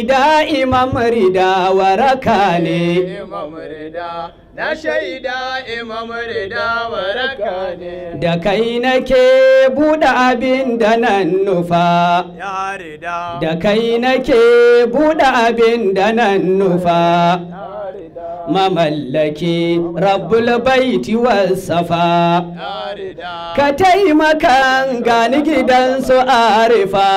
ida imam rida waraka ne. Imam rida na shaida imam rida waraka ne da kai nake buɗe abin da nan nufa ya rida da kai nake buɗe abin da nan nufa mamallaki rabbul baiti wasafa ka taimakan gani gidan su arifa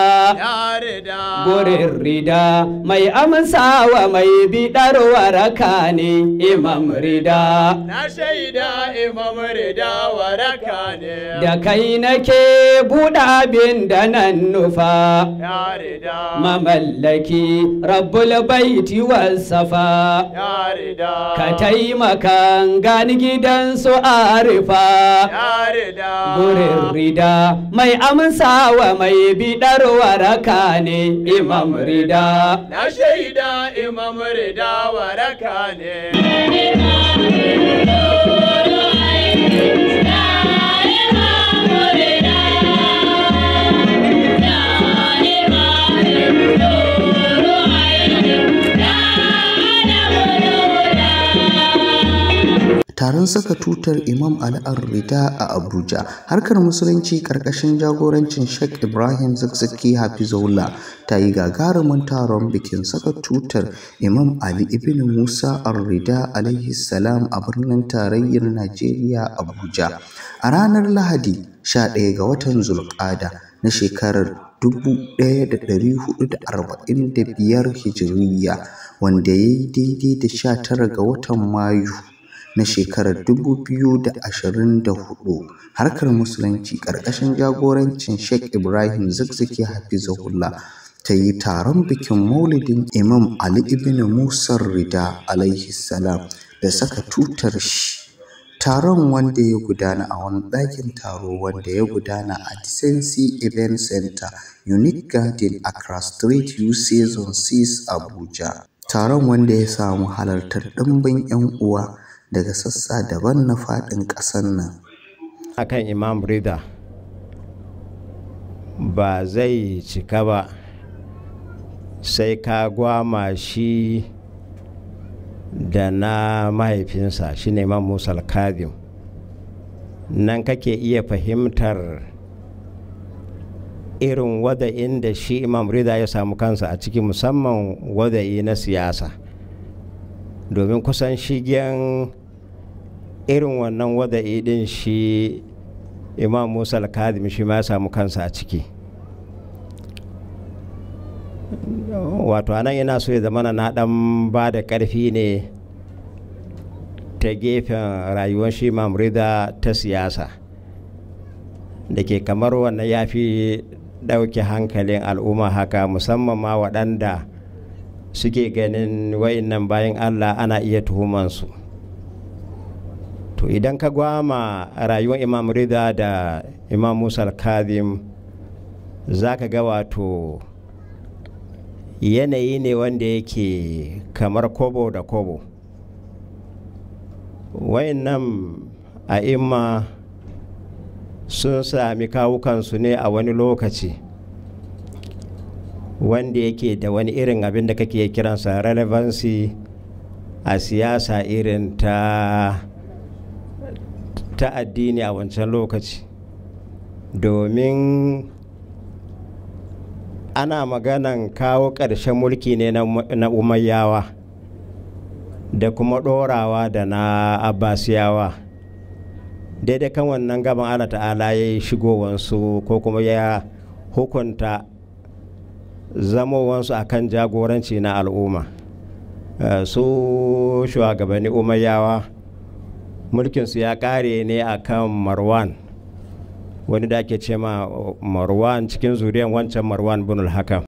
gurin rida mai amsawa mai bidar waraka ne imam rida shaida. na shaida imam rida waraka ne da kai nake buɗa abin da nan nufa ya rida mamallaki rabbul baiti wasafa ya rida ka taimaka gani gidan su arifa ya rida gurin rida mai amsa wa mai bidar waraka ne imam rida na shaida imam rida waraka ne Yeah. taron saka tutar imam al-Rida a abuja harkar musulunci karkashin jagorancin sheikh ibrahim zakzaki hafizullah ta yi gagarumin taron bikin saka tutar imam ali ibn musa al-Rida alaihi salam a birnin tarayyar najeriya abuja a ranar lahadi 11 ga watan zulqada na shekarar 1445 hijiriya wanda ya yi daidai da 19 ga watan mayu na shekarar 2024 harkar musulunci ƙarƙashin jagorancin Sheikh Ibrahim Zakzaki Hafizahullah ta yi taron bikin maulidin Imam Ali ibn Musa Rida alaihi salam da saka tutar shi taron wanda ya gudana a wani ɗakin taro wanda ya gudana a Disensi Event Center, Unique Garden, Accra Street, U Season 6, Abuja. Taron wanda ya samu halartar ɗimbin 'yan uwa daga sassa daban na faɗin ƙasar nan. Akan Imam Rida ba zai cika ba sai ka gwama shi da na mahaifinsa shi ne Imam Musa al Nan kake iya fahimtar irin wada'in da shi Imam Rida ya samu kansa a ciki musamman wada'i na siyasa. domin kusan shigen irin wannan wada din shi imam musa al-kadim shi ma ya samu kansa a ciki wato anan yana so ya zamana na dan ba da karfi ne ta gefen rayuwar shi rida ta siyasa da ke kamar wannan ya fi ɗauke hankalin al'umma haka musamman ma waɗanda suke ganin wayannan bayan allah ana iya tuhumansu to idan ka gwama rayuwar imam rida da imam musa al-kazim za ka ga wato yanayi ne wanda yake kamar kobo da kobo wayannan a imma sun sami kawukansu ne a wani lokaci wanda yake da wani irin abin da kake kiransa relevancy a siyasa irin ta ta addini a wancan lokaci domin ana maganan kawo ƙarshen mulki ne na umayyawa da kuma ɗorawa da na abbasiyawa daidai kan wannan gaban allah ta'ala ya yi shigowansu ko kuma ya hukunta zamowansu a kan jagoranci na al'umma eh, su shugabanni umayyawa mulkinsu ya kare ne a kan marwan wani da ake ce ma marwan cikin zuriyar wancan marwan bin hakam